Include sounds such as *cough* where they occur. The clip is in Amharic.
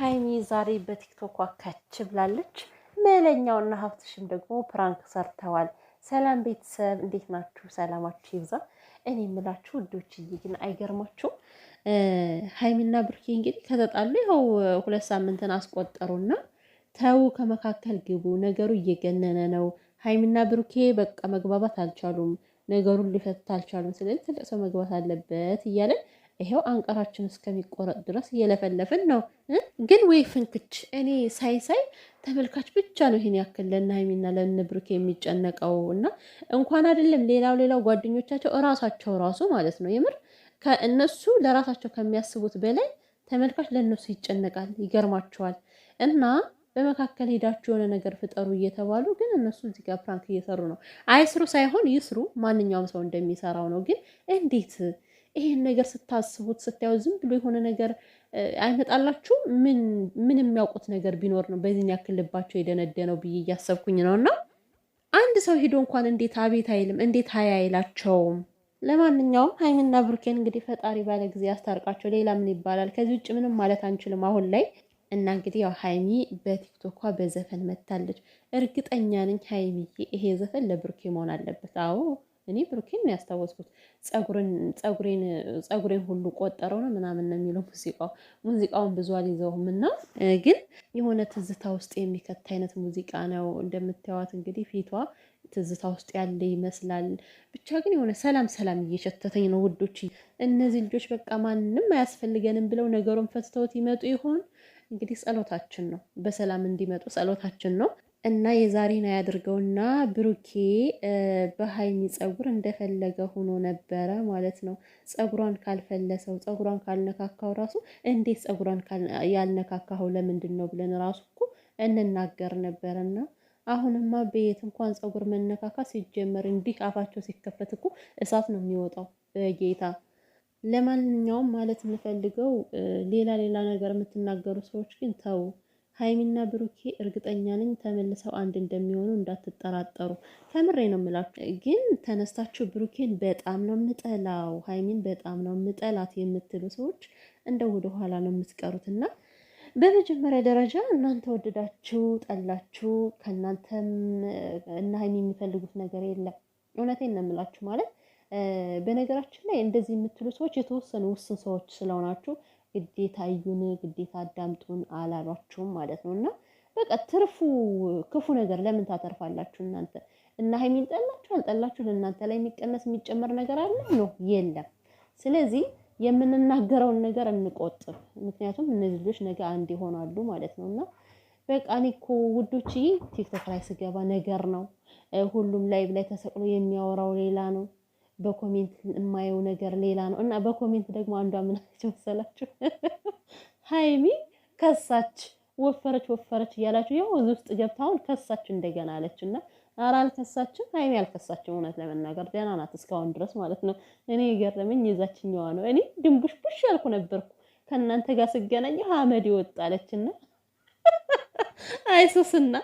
ሀይሚ ዛሬ በቲክቶክ አካች ብላለች። መለኛውና ሀብትሽም ደግሞ ፕራንክ ሰርተዋል። ሰላም ቤተሰብ እንዴት ናችሁ? ሰላማችሁ ይብዛ። እኔ የምላችሁ ውዶችዬ ግን አይገርማችሁም? ሀይሚና ብሩኬ እንግዲህ ከተጣሉ ይኸው ሁለት ሳምንትን አስቆጠሩና ተው ከመካከል ግቡ፣ ነገሩ እየገነነ ነው። ሀይሚና ብሩኬ በቃ መግባባት አልቻሉም፣ ነገሩን ሊፈቱት አልቻሉም። ስለዚህ ትልቅ ሰው መግባት አለበት እያለን ይሄው አንቀራችን እስከሚቆረጥ ድረስ እየለፈለፍን ነው። ግን ወይ ፍንክች እኔ ሳይ ሳይ ተመልካች ብቻ ነው ይሄን ያክል ለናይሚና ለንብርክ የሚጨነቀው እና እንኳን አይደለም ሌላው ሌላው ጓደኞቻቸው እራሳቸው ራሱ ማለት ነው የምር ከእነሱ ለራሳቸው ከሚያስቡት በላይ ተመልካች ለእነሱ ይጨነቃል። ይገርማቸዋል እና በመካከል ሄዳችሁ የሆነ ነገር ፍጠሩ እየተባሉ ግን እነሱ እዚህ ጋር ፕራንክ እየሰሩ ነው። አይስሩ ሳይሆን ይስሩ፣ ማንኛውም ሰው እንደሚሰራው ነው። ግን እንዴት ይሄን ነገር ስታስቡት ስታዩ ዝም ብሎ የሆነ ነገር አይመጣላችሁ? ምን ምን የሚያውቁት ነገር ቢኖር ነው በዚህን ያክል ልባቸው የደነደነው ብዬ እያሰብኩኝ ነው። እና አንድ ሰው ሄዶ እንኳን እንዴት አቤት አይልም፣ እንዴት ሀያ አይላቸውም። ለማንኛውም ሀይሚና ብሩኬን እንግዲህ ፈጣሪ ባለ ጊዜ ያስታርቃቸው። ሌላ ምን ይባላል? ከዚህ ውጭ ምንም ማለት አንችልም አሁን ላይ እና እንግዲህ ያው ሀይሚ በቲክቶኳ በዘፈን መታለች። እርግጠኛ ነኝ ሀይሚዬ፣ ይሄ ዘፈን ለብሩኬ መሆን አለበት። አዎ እኔ ብሩኬን ነው ያስታወስኩት። ፀጉሬን ሁሉ ቆጠረው ነው ምናምን ነው የሚለው ሙዚቃው። ሙዚቃውን ብዙ አልይዘውም እና ግን የሆነ ትዝታ ውስጥ የሚከት አይነት ሙዚቃ ነው። እንደምታዩት እንግዲህ ፊቷ ትዝታ ውስጥ ያለ ይመስላል። ብቻ ግን የሆነ ሰላም ሰላም እየሸተተኝ ነው ውዶች። እነዚህ ልጆች በቃ ማንም አያስፈልገንም ብለው ነገሩን ፈትተውት ይመጡ ይሆን? እንግዲህ ጸሎታችን ነው፣ በሰላም እንዲመጡ ጸሎታችን ነው። እና የዛሬን እና ብሩኬ በሀይሚ ፀጉር እንደፈለገ ሆኖ ነበረ ማለት ነው። ፀጉሯን ካልፈለሰው ፀጉሯን ካልነካካው ራሱ እንዴት ፀጉሯን ያልነካካኸው ለምንድን ነው ብለን ራሱ እኮ እንናገር ነበረና አሁንማ በየት እንኳን ፀጉር መነካካ ሲጀመር እንዲህ አፋቸው ሲከፈት እኮ እሳት ነው የሚወጣው። በጌታ ለማንኛውም ማለት የምፈልገው ሌላ ሌላ ነገር የምትናገሩ ሰዎች ግን ተው። ሀይሚና ብሩኬ እርግጠኛ ነኝ ተመልሰው አንድ እንደሚሆኑ እንዳትጠራጠሩ። ከምሬ ነው የምላችሁ። ግን ተነስታችሁ ብሩኬን በጣም ነው የምጠላው፣ ሀይሚን በጣም ነው የምጠላት የምትሉ ሰዎች እንደው ወደኋላ ነው የምትቀሩት እና በመጀመሪያ ደረጃ እናንተ ወደዳችሁ ጠላችሁ፣ ከእናንተም እና ሀይሚ የሚፈልጉት ነገር የለም። እውነቴን ነው የምላችሁ ማለት በነገራችን ላይ እንደዚህ የምትሉ ሰዎች የተወሰኑ ውስን ሰዎች ስለሆናችሁ ግዴታ እዩን፣ ግዴታ አዳምጡን አላሏችሁም ማለት ነው። እና በቃ ትርፉ ክፉ ነገር ለምን ታተርፋላችሁ እናንተ? እና ሀይሚን ጠላችሁ አልጠላችሁ ለእናንተ ላይ የሚቀነስ የሚጨመር ነገር አለ ነው? የለም። ስለዚህ የምንናገረውን ነገር እንቆጥብ። ምክንያቱም እነዚህ ልጆች ነገ አንድ ይሆናሉ ማለት ነው እና በቃ እኔ እኮ ውዶች ቲክቶክ ላይ ስገባ ነገር ነው ሁሉም ላይ ላይ ተሰቅሎ የሚያወራው ሌላ ነው። በኮሜንት የማየው ነገር ሌላ ነው እና በኮሜንት ደግሞ አንዷ ምናች መሰላችሁ? *laughs* ሀይሚ ከሳች ወፈረች ወፈረች እያላችሁ ያው እዚህ ውስጥ ገብታ አሁን ከሳች እንደገና አለች እና አራ አልከሳችም፣ ሀይሚ አልከሳችም። እውነት ለመናገር ደህና ናት እስካሁን ድረስ ማለት ነው። እኔ የገረመኝ የዛችኛዋ ነው። እኔ ድንቡሽቡሽ ያልኩ ነበርኩ ከእናንተ ጋር ስገናኝ ሀመድ ይወጣለች እና *laughs* አይሱስና